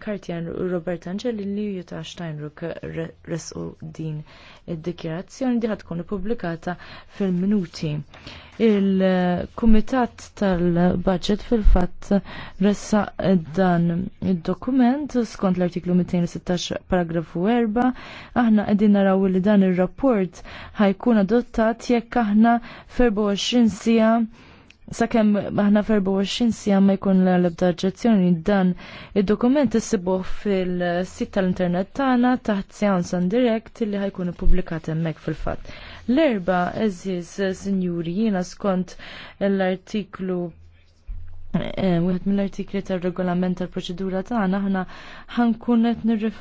Kartjan u Robert Angeli li Jutta Steinruck resqu din id-dikjerazzjoni diħat tkun publikata fil-minuti. Il-Kumitat tal-Budget fil-fatt ressa dan il-dokument skont l-artiklu 216 paragrafu 4 aħna għedin naraw li dan il-rapport ħajkun adottat jekk aħna 24 sija sakemm aħna f-24 sija ma jkun l-ebda ġezzjoni dan id-dokument issibuh fil-sit tal-internet tagħna taħt Seance on Direct li ħajkun publikat hemmhekk fil-fatt. L-erba eżiz sinjuri jiena skont l-artiklu eh, wieħed mill-artikli tar-regolament tal-proċedura tagħna aħna ħankunet qed